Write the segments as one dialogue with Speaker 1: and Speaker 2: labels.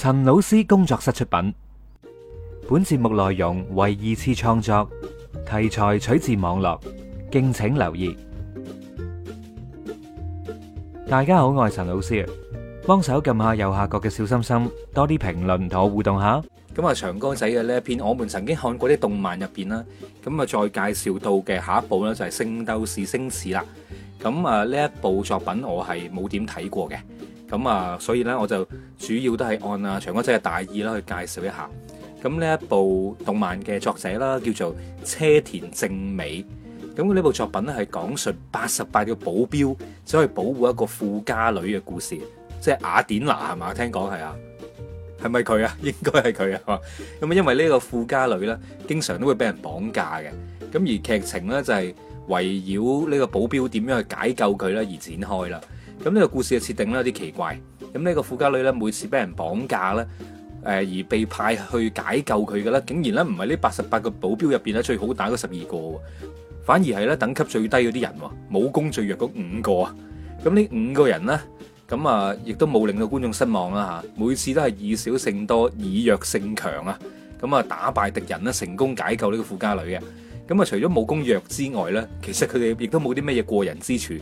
Speaker 1: 陳老師工作室出品，本節目內容為二次創作，題材取自網絡，敬請留意。大家好，我係陳老師，幫手撳下右下角嘅小心心，多啲評論同我互動下。咁啊，祥哥仔嘅呢一篇，我哋曾經看過啲動漫入邊啦，咁啊再介紹到嘅下一部呢就係《聖鬥士星矢》啦。咁啊呢一部作品我係冇點睇過嘅。咁啊，所以咧，我就主要都係按啊長哥仔嘅大意啦去介紹一下。咁呢一部動漫嘅作者啦，叫做車田正美。咁呢部作品咧係講述八十八嘅保鏢，就可以保護一個富家女嘅故事，即係雅典娜啊嘛，聽講係啊，係咪佢啊？應該係佢啊。咁因為呢個富家女咧，經常都會俾人綁架嘅。咁而劇情咧就係圍繞呢個保鏢點樣去解救佢啦而展開啦。咁呢個故事嘅設定呢，有啲奇怪，咁呢個富家女呢，每次俾人綁架咧，誒、呃、而被派去解救佢嘅咧，竟然咧唔係呢八十八個保鏢入邊咧最好打嗰十二個，反而係咧等級最低嗰啲人，武功最弱嗰五個。咁呢五個人呢，咁啊亦都冇令到觀眾失望啦吓，每次都係以少勝多，以弱勝強啊，咁啊打敗敵人呢，成功解救呢個富家女嘅。咁啊除咗武功弱之外呢，其實佢哋亦都冇啲咩嘢過人之處。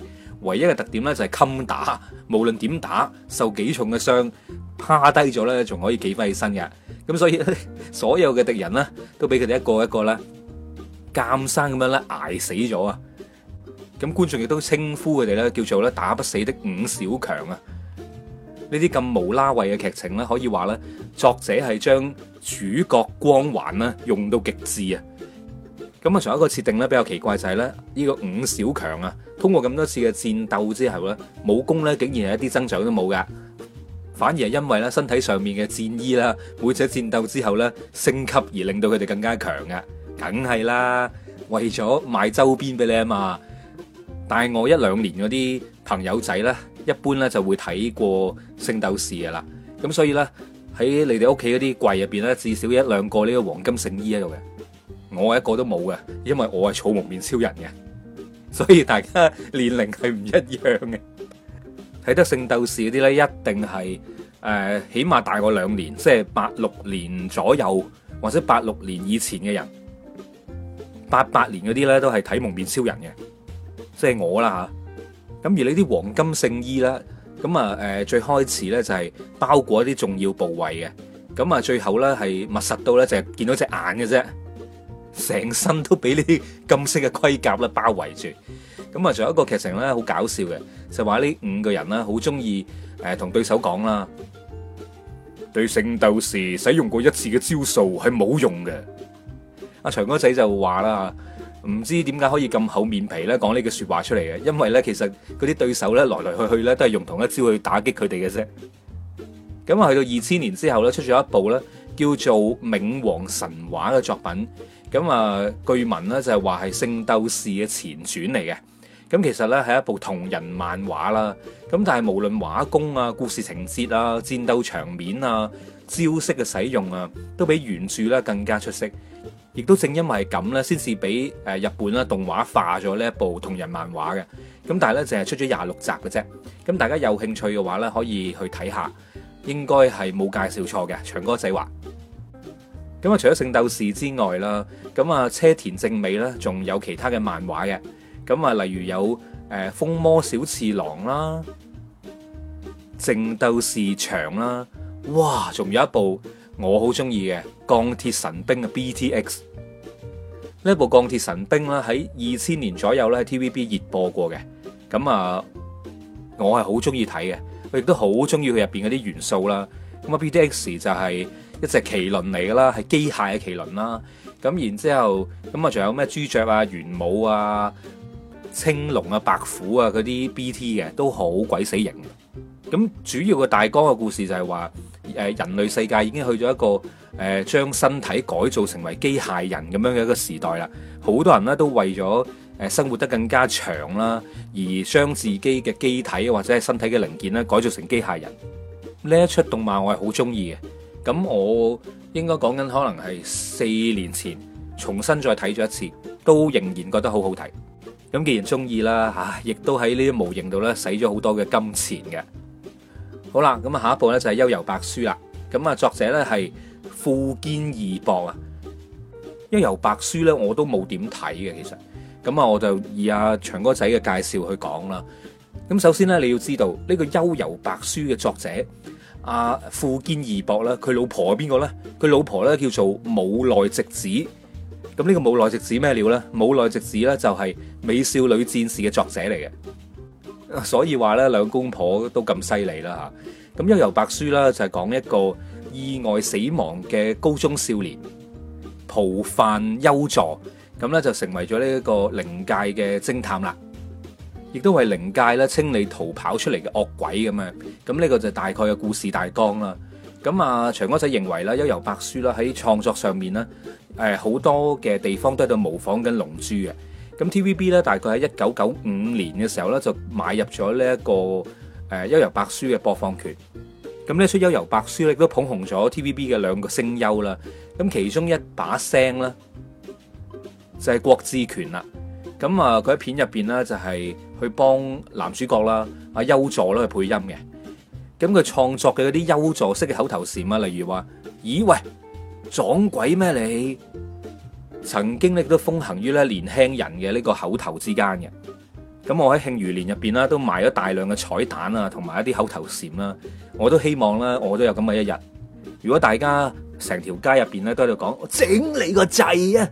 Speaker 1: 唯一嘅特點咧就係襟打，無論點打，受幾重嘅傷，趴低咗咧，仲可以企翻起身嘅。咁所以所有嘅敵人呢，都俾佢哋一個一個咧，監生咁樣咧捱死咗啊！咁觀眾亦都稱呼佢哋咧叫做咧打不死的五小強啊！呢啲咁無啦喂嘅劇情咧，可以話咧，作者係將主角光環咧用到極致啊！咁啊，仲有一個設定咧比較奇怪，就係咧，呢、這個五小強啊，通過咁多次嘅戰鬥之後咧，武功咧竟然係一啲增長都冇㗎。反而係因為咧身體上面嘅戰衣啦，每者戰鬥之後咧升級而令到佢哋更加強㗎。梗係啦，為咗賣周邊俾你啊嘛。但係大我一兩年嗰啲朋友仔咧，一般咧就會睇過聖鬥《聖鬥士》㗎啦。咁所以咧，喺你哋屋企嗰啲櫃入邊咧，至少一兩個呢個黃金聖衣喺度嘅。我一個都冇嘅，因為我係草蒙面超人嘅，所以大家年齡係唔一樣嘅。睇得聖鬥士嗰啲咧，一定係誒、呃，起碼大我兩年，即係八六年左右或者八六年以前嘅人。八八年嗰啲咧都係睇蒙面超人嘅，即、就、係、是、我啦吓。咁而呢啲黃金聖衣啦，咁啊誒，最開始咧就係包裹一啲重要部位嘅，咁啊最後咧係密實到咧就係見到隻眼嘅啫。成身都俾呢啲金色嘅盔甲咧包圍住，咁啊，仲有一個劇情咧，好搞笑嘅，就話呢五個人咧，好中意誒同對手講啦，對聖鬥士使用過一次嘅招數係冇用嘅。阿長哥仔就話啦，唔知點解可以咁厚面皮咧講呢句説話出嚟嘅，因為咧其實嗰啲對手咧來來去去咧都係用同一招去打擊佢哋嘅啫。咁啊，去到二千年之後咧，出咗一部咧叫做《冥王神話》嘅作品。咁啊，據聞呢就係話係《聖鬥士》嘅前傳嚟嘅。咁其實呢係一部同人漫畫啦。咁但係無論畫工啊、故事情節啊、戰鬥場面啊、招式嘅使用啊，都比原著咧更加出色。亦都正因為咁呢先至俾誒日本啦動畫化咗呢一部同人漫畫嘅。咁但係呢，淨係出咗廿六集嘅啫。咁大家有興趣嘅話呢，可以去睇下。應該係冇介紹錯嘅。祥哥仔話。咁啊，除咗《聖鬥士》之外啦，咁啊，車田正美咧，仲有其他嘅漫畫嘅，咁啊，例如有誒《風魔小次郎》啦，《聖鬥士場》啦，哇，仲有一部我好中意嘅《鋼鐵神兵》嘅 B T X 呢一部《鋼鐵神兵》啦，喺二千年左右咧喺 T V B 熱播過嘅，咁啊，我係好中意睇嘅，我亦都好中意佢入邊嗰啲元素啦。咁啊，B T X 就係、是。一隻麒麟嚟噶啦，係機械嘅麒麟啦。咁然之後，咁啊，仲有咩朱雀啊、玄武啊、青龍啊、白虎啊嗰啲 B.T. 嘅，都好鬼死型。咁主要嘅大綱嘅故事就係話，呃，人類世界已經去咗一個將、呃、身體改造成為機械人咁樣嘅一個時代啦。好多人咧都為咗呃、生活得更加長啦，而將自己嘅機體或者係身體嘅零件咧改造成機械人。呢一出動漫我係好中意嘅。咁我應該講緊可能係四年前重新再睇咗一次，都仍然覺得好好睇。咁既然中意啦，吓，亦、啊、都喺呢啲模型度咧使咗好多嘅金錢嘅。好啦，咁啊，下一部咧就係、是《幽遊白書》啦。咁啊，作者咧係富堅義博啊。《幽遊白書呢》咧我都冇點睇嘅，其實。咁啊，我就以阿、啊、長哥仔嘅介紹去講啦。咁首先咧，你要知道呢、這個《幽遊白書》嘅作者。阿、啊、富堅義博啦，佢老婆係邊個咧？佢老婆咧叫做武內直子。咁呢個武內直子咩料咧？武內直子咧就係美少女戰士嘅作者嚟嘅。所以話咧兩公婆都咁犀利啦吓。咁幽遊白書啦就係、是、講一個意外死亡嘅高中少年浦飯幽助，咁咧就成為咗呢一個靈界嘅偵探啦。亦都係靈界咧清理逃跑出嚟嘅惡鬼咁樣，咁、這、呢個就大概嘅故事大綱啦。咁啊，祥哥仔認為咧 《幽遊白書》啦喺創作上面咧，誒好多嘅地方都喺度模仿緊《龍珠》嘅。咁 T V B 咧大概喺一九九五年嘅時候咧就買入咗呢一個誒《幽遊白書》嘅播放權。咁呢出《幽遊白書》咧亦都捧紅咗 T V B 嘅兩個聲優啦。咁其中一把聲咧就係郭志權啦。咁啊，佢喺片入面咧就係去幫男主角啦，阿、啊、幽助啦，去配音嘅。咁佢創作嘅嗰啲幽助式嘅口頭禪啊，例如話：咦喂，撞鬼咩你？曾經咧都風行於咧年輕人嘅呢個口頭之間嘅。咁我喺慶餘年入面啦，都埋咗大量嘅彩蛋啊，同埋一啲口頭禪啦。我都希望啦我都有咁嘅一日。如果大家成條街入面咧都喺度講，我整你個掣啊！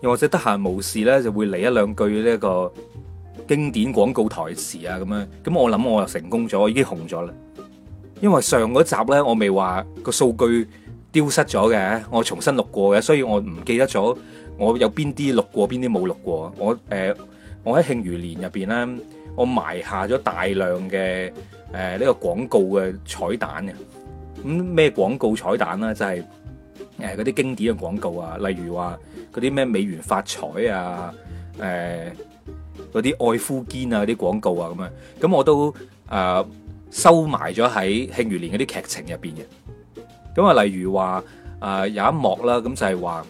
Speaker 1: 又或者得閒無事咧，就會嚟一兩句呢個經典廣告台詞啊，咁樣。咁我諗我又成功咗，已經紅咗啦。因為上嗰集咧，我未話個數據丟失咗嘅，我重新錄過嘅，所以我唔記得咗我有邊啲錄過，邊啲冇錄過。我、呃、我喺慶餘年入面咧，我埋下咗大量嘅誒呢個廣告嘅彩蛋嘅。咁咩廣告彩蛋呢？就係嗰啲經典嘅廣告啊，例如話，嗰啲咩美元發財啊，誒嗰啲愛夫堅啊啲廣告啊咁樣，咁我都誒收埋咗喺《呃、慶餘年》嗰啲劇情入面的。嘅。咁啊，例如話、呃、有一幕啦，咁就係、是、話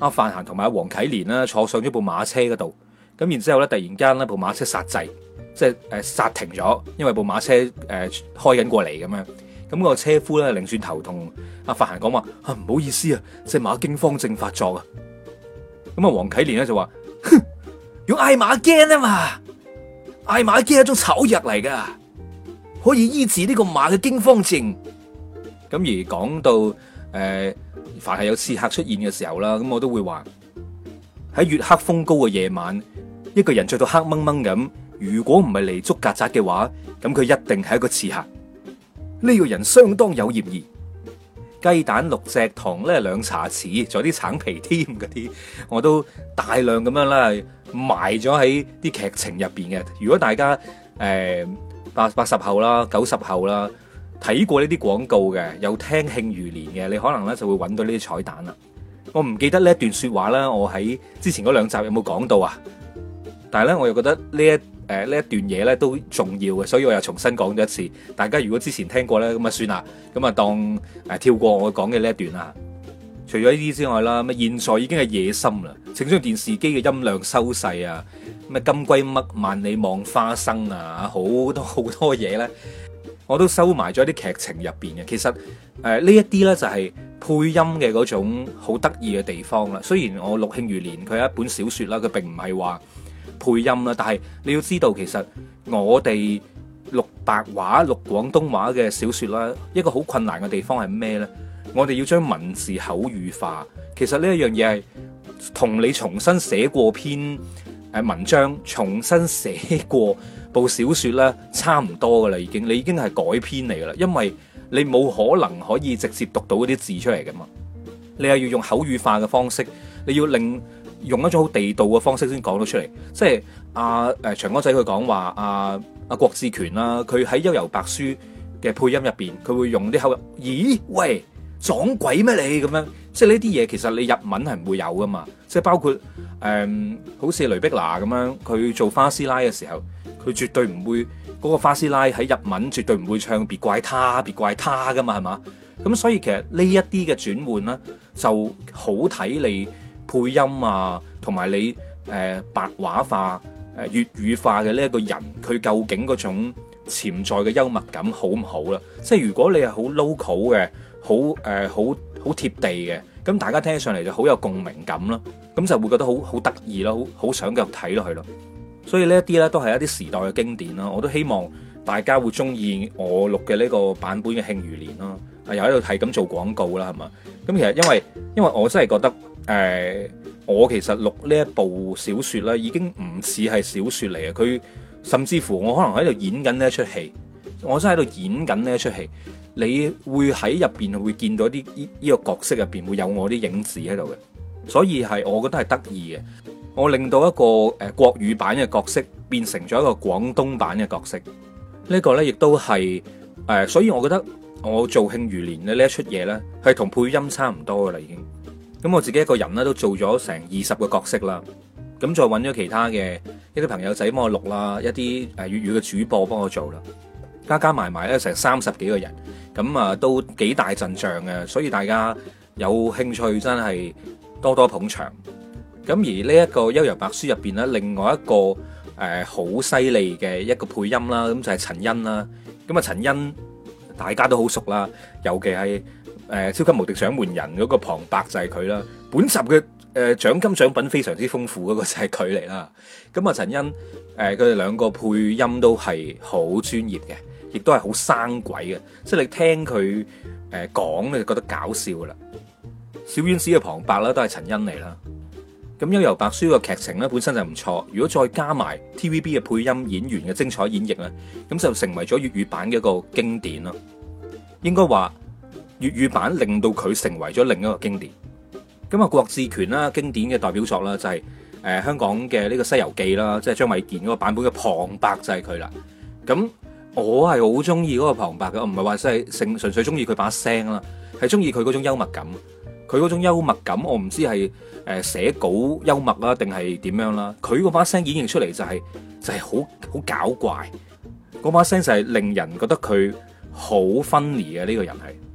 Speaker 1: 阿范閒同埋王啟年啦，坐上咗部馬車嗰度，咁然之後咧，突然間咧部馬車煞掣，即係誒煞停咗，因為部馬車誒、呃、開緊過嚟咁樣，咁、那個車夫咧擰轉頭，同阿范閒講話唔好意思啊，即、就、係、是、馬驚慌症發作啊！咁啊，黃啟蓮咧就話：哼，用艾瑪驚啊嘛，艾瑪驚係一種草藥嚟噶，可以醫治呢個馬嘅驚慌症。咁而講到誒、呃，凡係有刺客出現嘅時候啦，咁我都會話：喺月黑風高嘅夜晚，一個人着到黑掹掹咁，如果唔係嚟捉曱甴嘅話，咁佢一定係一個刺客。呢、呢個人相當有嫌疑。雞蛋六隻，糖咧兩茶匙，仲有啲橙皮添嗰啲，我都大量咁樣啦埋咗喺啲劇情入面嘅。如果大家誒八八十後啦、九十後啦睇過呢啲廣告嘅，有聽慶餘年嘅，你可能咧就會揾到呢啲彩蛋啦。我唔記得呢一段說話啦，我喺之前嗰兩集有冇講到啊？但係咧，我又覺得呢一誒呢、呃、一段嘢咧都重要嘅，所以我又重新講咗一次。大家如果之前聽過咧，咁啊算啦，咁啊當誒、呃、跳過我講嘅呢一段啦。除咗呢啲之外啦，咩現在已經係夜深啦，請將電視機嘅音量收細啊，咩金龜乜萬里望花生啊，好多好多嘢咧，我都收埋咗啲劇情入面嘅。其實誒、呃、呢一啲咧就係、是、配音嘅嗰種好得意嘅地方啦。雖然我《六慶餘年》佢有一本小說啦，佢並唔係話。配音啦，但係你要知道，其實我哋錄白話、錄廣東話嘅小說啦，一個好困難嘅地方係咩咧？我哋要將文字口語化，其實呢一樣嘢係同你重新寫過篇誒文章、重新寫過部小說啦，差唔多噶啦，已經你已經係改編嚟噶啦，因為你冇可能可以直接讀到嗰啲字出嚟嘅嘛，你係要用口語化嘅方式，你要令。用一種好地道嘅方式先講到出嚟，即係阿誒祥哥仔佢講話阿阿郭志權啦、啊，佢喺《幽遊白書》嘅配音入面，佢會用啲口音，咦，喂，撞鬼咩你咁樣？即係呢啲嘢其實你日文係唔會有噶嘛，即係包括誒、嗯、好似雷碧娜咁樣，佢做花師奶嘅時候，佢絕對唔會嗰、那個花師奶喺日文絕對唔會唱別怪他別怪他噶嘛，係嘛？咁所以其實呢一啲嘅轉換啦，就好睇你。配音啊，同埋你、呃、白話化、誒粵語化嘅呢一個人，佢究竟嗰種潛在嘅幽默感好唔好啦？即係如果你係好 local 嘅、好好好貼地嘅，咁大家聽起上嚟就好有共鳴感啦。咁就會覺得好好得意咯，好好想繼續睇落去咯。所以呢一啲呢都係一啲時代嘅經典啦。我都希望大家會中意我錄嘅呢個版本嘅《慶餘年》啦。又喺度係咁做廣告啦，係嘛？咁其實因為因為我真係覺得。呃、我其實錄呢一部小説呢已經唔似係小説嚟嘅。佢甚至乎我可能喺度演緊呢一出戲，我真喺度演緊呢一出戲。你會喺入邊會見到啲呢、這個角色入邊會有我啲影子喺度嘅，所以係我覺得係得意嘅。我令到一個、呃、國語版嘅角色變成咗一個廣東版嘅角色，呢、這個呢亦都係、呃、所以我覺得我做慶餘年嘅呢一出嘢呢，係同配音差唔多噶啦已經。咁我自己一個人咧都做咗成二十個角色啦，咁再揾咗其他嘅一啲朋友仔幫我錄啦，一啲誒粵語嘅主播幫我做啦，加加埋埋咧成三十幾個人，咁啊都幾大陣仗嘅，所以大家有興趣真係多多捧場。咁而呢一個《幽遊白書》入邊咧，另外一個誒好犀利嘅一個配音啦，咁就係陳欣啦。咁啊陳欣大家都好熟啦，尤其係。誒，超級無敵獎門人嗰個旁白就係佢啦。本集嘅，誒，獎金獎品非常之豐富，嗰個就係佢嚟啦。咁啊，陳欣誒，佢哋兩個配音都係好專業嘅，亦都係好生鬼嘅，即係你聽佢誒講，你就覺得搞笑啦。小丸子嘅旁白啦，都係陳欣嚟啦。咁《幽遊白書》嘅劇情咧，本身就唔錯。如果再加埋 TVB 嘅配音演員嘅精彩演繹咧，咁就成為咗粵語版嘅一個經典啦。應該話。粵語版令到佢成為咗另一個經典。咁啊，郭志權啦，經典嘅代表作啦，就係，就、呃、係香港嘅呢個《西遊記》啦，即係張衞健嗰個版本嘅旁白就係佢啦。咁我係好中意嗰個旁白嘅，唔係話即係純粹中意佢把聲啦，係中意佢嗰種幽默感。佢嗰種幽默感，我唔知係寫稿幽默啊，定係點樣啦、啊？佢嗰把聲演繹出嚟就係、係、就係好好搞怪，嗰把聲就係令人覺得佢好分離嘅呢個人係。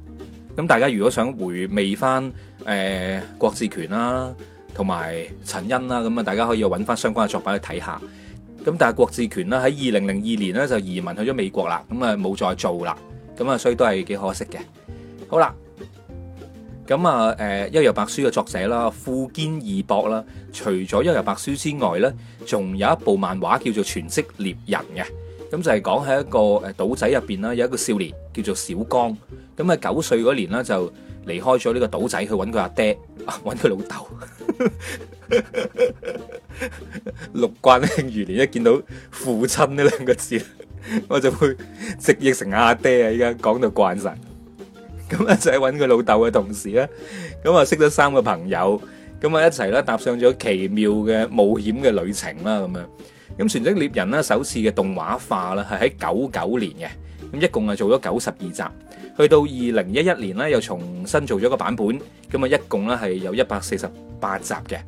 Speaker 1: 咁大家如果想回味翻，誒郭志權啦，同埋陳恩啦，咁啊大家可以揾翻相關嘅作品去睇下。咁但係郭志權啦，喺二零零二年咧就移民去咗美國啦，咁啊冇再做啦，咁啊所以都係幾可惜嘅。好啦，咁啊誒《幽遊白書》嘅作者啦，富堅義博啦，除咗《幽遊白書》之外咧，仲有一部漫畫叫做《全職獵人》嘅。咁就係講喺一個誒島仔入邊啦，有一個少年叫做小岡，咁啊九歲嗰年啦就離開咗呢個島仔去搵佢阿爹，搵佢老豆。六慣呢，如年一見到父親呢兩個字，我就會直譯成阿爹啊！依家講到慣神，咁一齊搵佢老豆嘅同時咧，咁啊識咗三個朋友，咁啊一齊咧踏上咗奇妙嘅冒險嘅旅程啦，咁樣。咁《全職獵人》呢，首次嘅動畫化呢係喺九九年嘅，咁一共係做咗九十二集。去到二零一一年呢，又重新做咗個版本，咁啊一共呢係有一百四十八集嘅。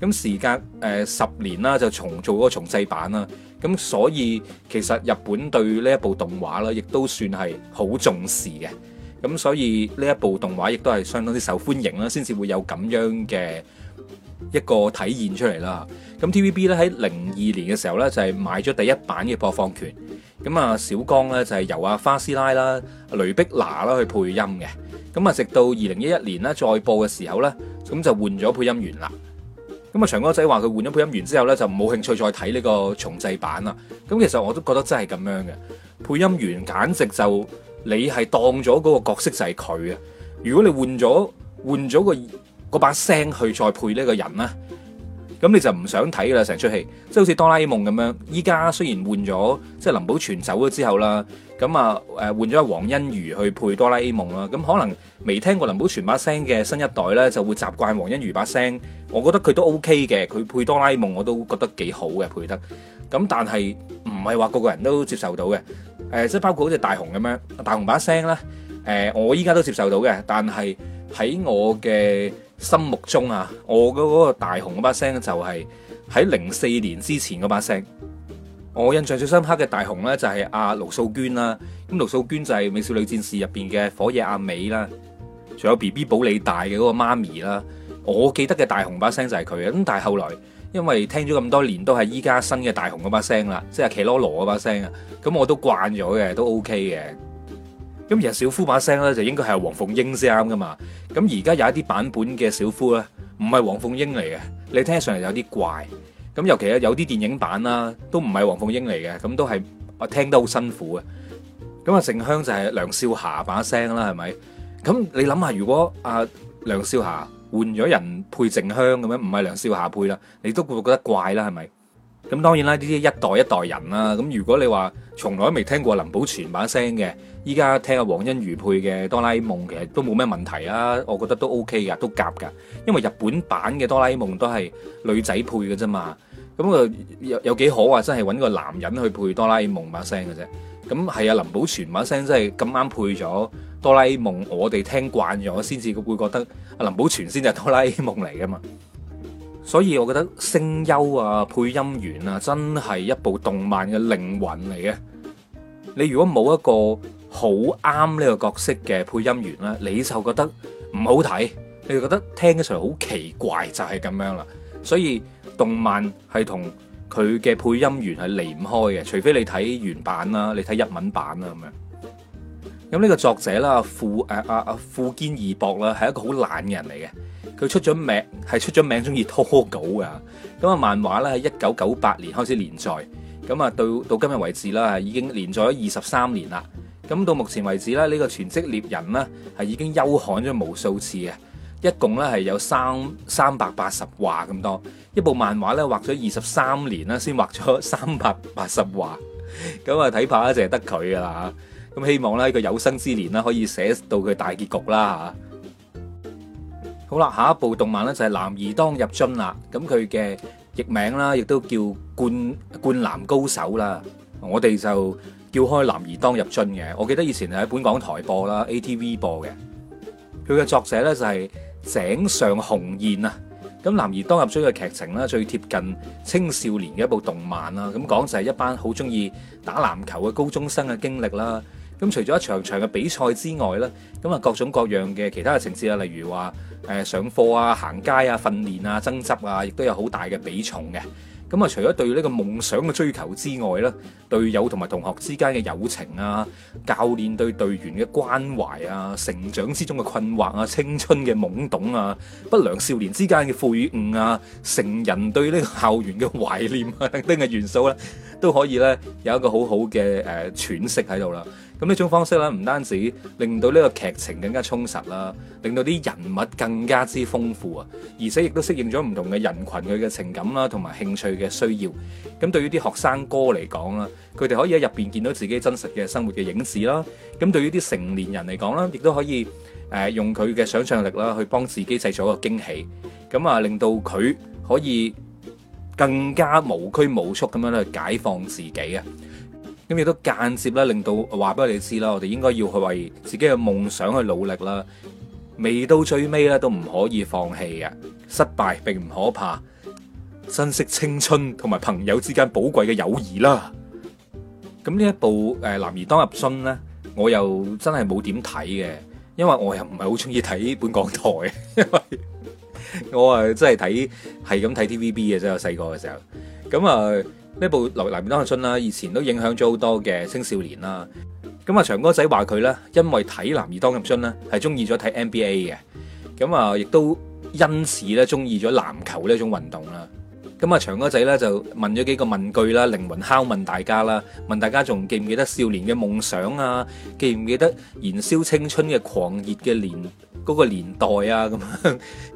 Speaker 1: 咁時隔誒十年啦，就重做嗰個重製版啦。咁所以其實日本對呢一部動畫啦，亦都算係好重視嘅。咁所以呢一部動畫亦都係相當之受歡迎啦，先至會有咁樣嘅。一個體現出嚟啦，咁 T V B 咧喺零二年嘅時候呢，就係買咗第一版嘅播放權，咁啊小傑呢，就係由阿花師奶啦、雷碧娜啦去配音嘅，咁啊直到二零一一年呢，再播嘅時候呢，咁就換咗配音員啦。咁啊祥哥仔話佢換咗配音員之後呢，就冇興趣再睇呢個重製版啦。咁其實我都覺得真係咁樣嘅，配音員簡直就你係當咗嗰個角色就係佢啊。如果你換咗換咗個。嗰把聲去再配呢個人啦，咁你就唔想睇噶啦，成出戲，即係好似哆啦 A 夢咁樣。依家雖然換咗即係林保全走咗之後啦，咁啊誒換咗黃欣如去配哆啦 A 夢啦，咁可能未聽過林保全把聲嘅新一代呢，就會習慣黃欣如把聲。我覺得佢都 OK 嘅，佢配哆啦 A 夢我都覺得幾好嘅配得。咁但係唔係話個個人都接受到嘅？誒、呃，即係包括好似大雄咁樣，大雄把聲呢，誒、呃、我依家都接受到嘅，但係喺我嘅心目中啊，我嗰個大雄把聲就係喺零四年之前把聲。我印象最深刻嘅大雄咧就係阿盧素娟啦，咁盧素娟就係《美少女戰士入面的》入邊嘅火野阿美啦，仲有 B B 寶你大嘅嗰個媽咪啦。我記得嘅大雄把聲就係佢啊，咁但係後來因為聽咗咁多年，都係依家新嘅大雄把聲啦，即係奇羅羅把聲啊，咁我都慣咗嘅，都 O K 嘅。咁其實小夫把聲咧就應該係黃鳳英先啱噶嘛，咁而家有一啲版本嘅小夫咧唔係黃鳳英嚟嘅，你聽上嚟有啲怪，咁尤其有有啲電影版啦都唔係黃鳳英嚟嘅，咁都係我聽得好辛苦啊！咁阿靜香就係梁少霞把聲啦，係咪？咁你諗下，如果阿梁少霞換咗人配靜香咁樣，唔係梁少霞配啦，你都會覺得怪啦，係咪？咁當然啦，呢啲一代一代人啦。咁如果你話從來未聽過林保全把聲嘅，依家聽阿黃欣如配嘅哆啦 A 夢，其實都冇咩問題啊。我覺得都 OK 噶，都夾噶。因為日本版嘅哆啦 A 夢都係女仔配嘅啫嘛。咁啊有有，有幾可啊？真係揾個男人去配哆啦 A 夢把聲嘅啫。咁係啊，林保全把聲真係咁啱配咗哆啦 A 夢。我哋聽慣咗，先至會覺得林保全先係哆啦 A 夢嚟噶嘛。所以，我覺得聲優啊、配音員啊，真係一部動漫嘅靈魂嚟嘅。你如果冇一個好啱呢個角色嘅配音員呢，你就覺得唔好睇，你就覺得聽起上嚟好奇怪，就係咁樣啦。所以動漫係同佢嘅配音員係離唔開嘅，除非你睇原版啦，你睇日文版啦咁咁、這、呢個作者啦，富誒阿富堅義博啦，係一個好懶嘅人嚟嘅。佢出咗名，係出咗名，中意拖稿㗎。咁啊，漫畫咧喺一九九八年開始連載，咁啊到到今日為止啦，已經連載咗二十三年啦。咁到目前為止啦，呢、這個全職獵人呢，係已經休刊咗無數次嘅，一共咧係有三三百八十話咁多。一部漫畫咧畫咗二十三年啦，先畫咗三百八十話。咁啊，睇怕咧就係得佢噶啦。咁希望咧，呢個有生之年啦，可以寫到佢大結局啦嚇。好啦，下一部動漫咧就係《男兒當入樽》啦。咁佢嘅譯名啦，亦都叫《灌灌籃高手》啦。我哋就叫開《男兒當入樽》嘅。我記得以前係喺本港台播啦，ATV 播嘅。佢嘅作者咧就係井上雄彥啊。咁《男兒當入樽》嘅劇情咧，最貼近青少年嘅一部動漫啦。咁講就係一班好鍾意打籃球嘅高中生嘅經歷啦。咁除咗一場場嘅比賽之外呢，咁啊各種各樣嘅其他嘅情節啊，例如話誒上課啊、行街啊、訓練啊、爭執啊，亦都有好大嘅比重嘅。咁啊，除咗對呢個夢想嘅追求之外呢，隊友同埋同學之間嘅友情啊，教練對隊員嘅關懷啊，成長之中嘅困惑啊，青春嘅懵懂啊，不良少年之間嘅悔悟啊，成人對呢個校園嘅懷念啊等等嘅元素咧，都可以呢有一個好好嘅誒喘息喺度啦。咁呢種方式咧，唔單止令到呢個劇情更加充實啦，令到啲人物更加之豐富啊，而且亦都適應咗唔同嘅人群佢嘅情感啦，同埋興趣嘅需要。咁對於啲學生哥嚟講啦，佢哋可以喺入邊見到自己真實嘅生活嘅影子啦。咁對於啲成年人嚟講啦，亦都可以誒用佢嘅想像力啦，去幫自己製造一個驚喜。咁啊，令到佢可以更加無拘無束咁樣去解放自己啊。咁亦都間接啦，令到話俾你知啦，我哋應該要去為自己嘅夢想去努力啦。未到最尾咧，都唔可以放棄啊！失敗並唔可怕，珍惜青春同埋朋友之間寶貴嘅友誼啦。咁呢一部誒《男兒當入樽》咧，我又真係冇點睇嘅，因為我又唔係好中意睇本港台，因為我誒真係睇係咁睇 TVB 嘅啫。我細個嘅時候，咁啊。呢部《男兒當入樽》啦，以前都影響咗好多嘅青少年啦。咁啊，祥哥仔話佢呢，因為睇《男兒當入樽》呢，係中意咗睇 NBA 嘅。咁啊，亦都因此呢，中意咗籃球呢一種運動啦。咁啊，祥哥仔呢，就問咗幾個問句啦，靈魂拷問大家啦。問大家仲記唔記得少年嘅夢想啊？記唔記得燃燒青春嘅狂熱嘅年嗰、嗰個年代啊？咁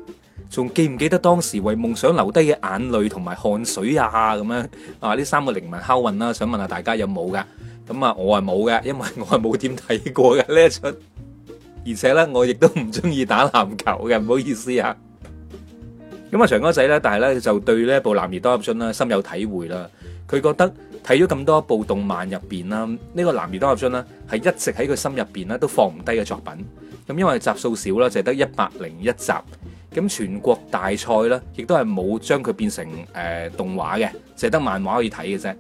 Speaker 1: 仲記唔記得當時為夢想流低嘅眼淚同埋汗水啊？咁 樣啊，呢三個靈魂敲運啦、啊，想問下大家有冇嘅？咁啊，我係冇嘅，因為我係冇點睇過嘅呢一出，而且咧，我亦都唔中意打籃球嘅，唔好意思啊。咁啊，長哥仔咧，但係咧就對呢一部《男兒當入樽》咧，深有體會啦。佢覺得睇咗咁多部動漫入邊啦，呢個《男兒當入樽》咧係一直喺佢心入邊咧都放唔低嘅作品。咁因為集數少啦，就係得一百零一集。咁全國大賽咧，亦都係冇將佢變成誒、呃、動畫嘅，剩得漫畫可以睇嘅啫。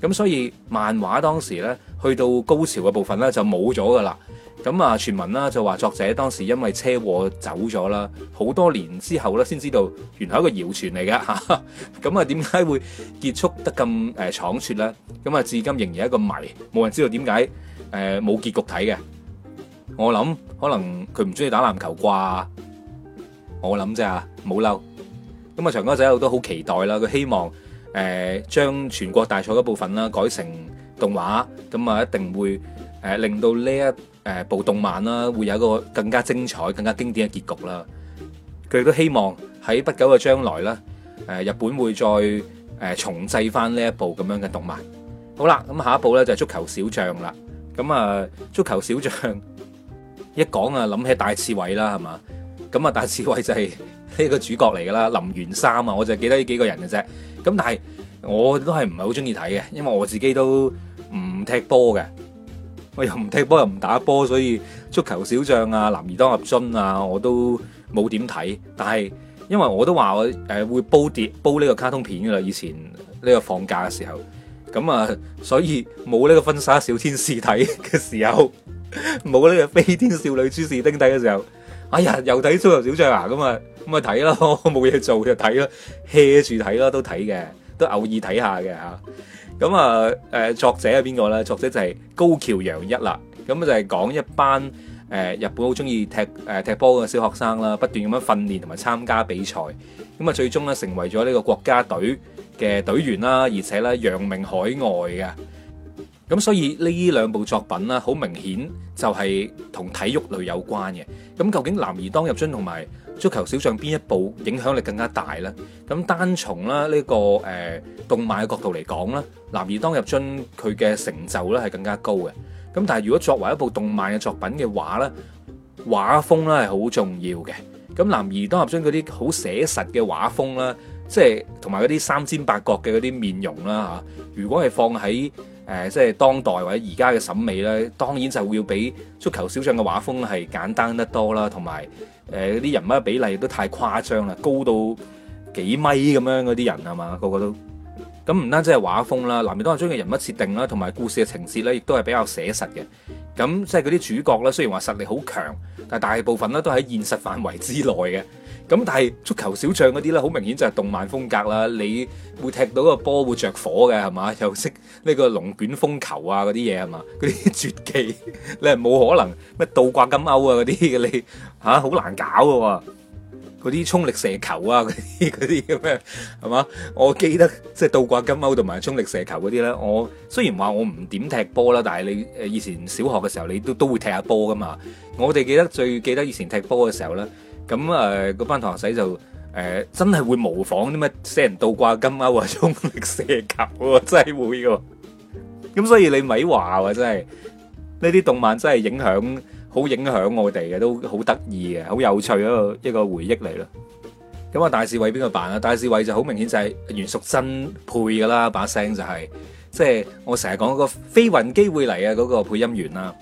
Speaker 1: 咁所以漫畫當時咧，去到高潮嘅部分咧，就冇咗噶啦。咁啊，傳聞啦就話作者當時因為車禍走咗啦，好多年之後咧先知道原來係一個謠傳嚟嘅。咁啊，點 解會結束得咁誒倉促咧？咁、呃、啊，至今仍然一個謎，冇人知道點解誒冇結局睇嘅。我諗可能佢唔中意打籃球啩。我諗啫吓，冇嬲。咁啊，長哥仔都好期待啦，佢希望誒將全國大賽嗰部分啦改成動畫，咁啊一定會誒令到呢一誒部動漫啦，會有一個更加精彩、更加經典嘅結局啦。佢都希望喺不久嘅將來咧，誒日本會再誒重製翻呢一部咁樣嘅動漫。好啦，咁下一步咧就係足球小將啦。咁啊，足球小將一講啊諗起大刺猬啦，係嘛？咁啊，戴志偉就係呢個主角嚟噶啦，林源三啊，我就記得呢幾個人嘅啫。咁但係我都係唔係好中意睇嘅，因為我自己都唔踢波嘅，我又唔踢波又唔打波，所以足球小將啊、男兒當入樽啊，我都冇點睇。但係因為我都話我誒會煲碟煲呢個卡通片噶啦，以前呢個放假嘅時候，咁啊，所以冇呢個婚紗小天使睇嘅時候，冇呢個飛天少女豬事丁睇嘅時候。哎呀，又睇足球小將啊，咁啊咁啊睇咯，我冇嘢做就睇咯，hea 住睇咯，都睇嘅，都偶爾睇下嘅吓。咁啊，誒作者係邊個咧？作者就係高橋陽一啦。咁啊就係講一班誒日本好中意踢誒踢波嘅小學生啦，不斷咁樣訓練同埋參加比賽，咁啊最終咧成為咗呢個國家隊嘅隊員啦，而且咧揚名海外嘅。咁所以呢兩部作品啦，好明顯就係同體育類有關嘅。咁究竟《男兒當入樽》同埋《足球小將》邊一部影響力更加大呢？咁單從啦呢個誒、呃、動漫嘅角度嚟講啦，《男兒當入樽》佢嘅成就呢係更加高嘅。咁但係如果作為一部動漫嘅作品嘅話呢，畫風呢係好重要嘅。咁《男兒當入樽》嗰啲好寫實嘅畫風啦，即係同埋嗰啲三尖八角嘅嗰啲面容啦嚇，如果係放喺誒、呃，即係當代或者而家嘅審美咧，當然就會要比足球小將嘅畫風係簡單得多啦，同埋誒啲人物比例都太誇張啦，高到幾米咁樣嗰啲人係嘛，個個都咁唔單止係畫風啦，南美當物將嘅人物設定啦，同埋故事嘅情節咧，亦都係比較寫實嘅。咁即係嗰啲主角咧，雖然話實力好強，但係大部分咧都喺現實範圍之內嘅。咁但係足球小將嗰啲咧，好明顯就係動漫風格啦。你會踢到個波會着火嘅係嘛？又識呢個龍捲風球啊，嗰啲嘢係嘛？嗰啲絕技你係冇可能咩倒掛金鈎啊嗰啲嘅，你吓好難搞噶。嗰啲衝力射球啊嗰啲，嗰啲咁咩係嘛？我記得即係倒掛金鈎同埋衝力射球嗰啲咧，我雖然話我唔點踢波啦，但係你誒以前小學嘅時候你都都會踢下波噶嘛。我哋記得最記得以前踢波嘅時候咧。咁誒，嗰班同學仔就誒、呃，真係會模仿啲咩寫人倒掛金鈎啊，衝擊射交喎，真係會喎。咁所以你咪話喎，真係呢啲動漫真係影響，好影響我哋嘅，都好得意嘅，好有趣一個一個回憶嚟咯。咁啊，大侍衛邊個扮啊？大侍衛就好明顯就係袁淑珍配噶啦，把聲就係即係我成日講嗰個飛雲機會嚟啊，嗰個配音員啦。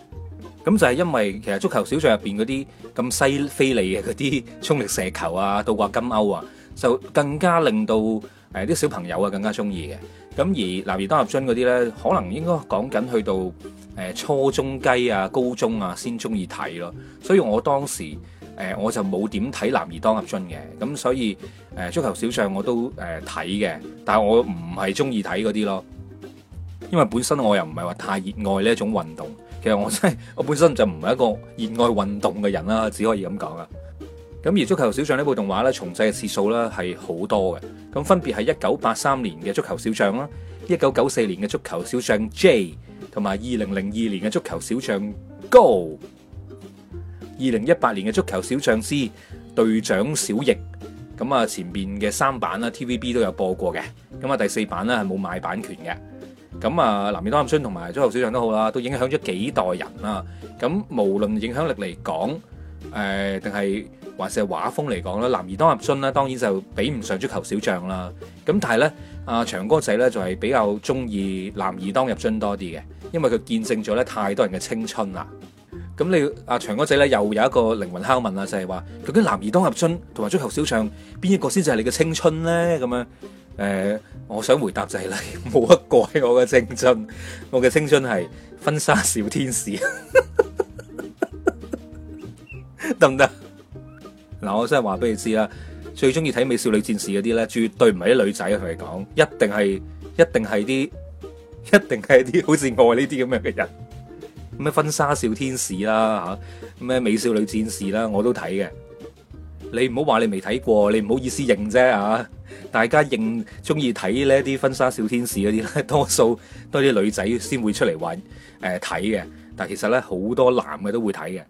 Speaker 1: 咁就係因為其實足球小將入邊嗰啲咁犀飛利嘅嗰啲衝力射球啊，倒掛金鈎啊，就更加令到啲、呃、小朋友啊更加中意嘅。咁而男兒當入樽嗰啲呢，可能應該講緊去到、呃、初中雞啊、高中啊先中意睇咯。所以我當時、呃、我就冇點睇男兒當入樽嘅，咁所以誒、呃、足球小將我都睇嘅、呃，但係我唔係中意睇嗰啲咯。因為本身我又唔係話太熱愛呢一種運動，其實我真係我本身就唔係一個熱愛運動嘅人啦，只可以咁講噶。咁而足球小將呢部動畫咧，重製嘅次數咧係好多嘅，咁分別係一九八三年嘅足球小將啦，一九九四年嘅足球小將 J，同埋二零零二年嘅足球小將 Go，二零一八年嘅足球小將之隊長小翼，咁啊前邊嘅三版啦 TVB 都有播過嘅，咁啊第四版呢係冇買版權嘅。咁啊，《男兒當入樽》同埋《足球小將》都好啦，都影響咗幾代人啦。咁無論影響力嚟講，誒定係還是係畫風嚟講咧，《男兒當入樽》咧當然就比唔上《足球小將》啦。咁但係咧，阿祥哥仔咧就係比較中意《男兒當入樽》多啲嘅，因為佢見證咗咧太多人嘅青春啦。咁你阿祥哥仔咧又有一個靈魂拷問啦，就係、是、話究竟《男兒當入樽》同埋《足球小將》邊一個先至係你嘅青春咧？咁樣？誒、呃，我想回答就係你，冇一個係我嘅青春，我嘅青春係婚紗小天使，得唔得？嗱、嗯，我真係話俾你知啦，最中意睇美少女戰士嗰啲咧，絕對唔係啲女仔同你講，一定係一定係啲一定係啲好似我呢啲咁樣嘅人，咩婚紗小天使啦吓，咩美少女戰士啦，我都睇嘅。你唔好話你未睇過，你唔好意思認啫啊！大家認鍾意睇呢啲婚紗小天使嗰啲咧，多數都係啲女仔先會出嚟玩睇嘅，但其實咧，好多男嘅都會睇嘅。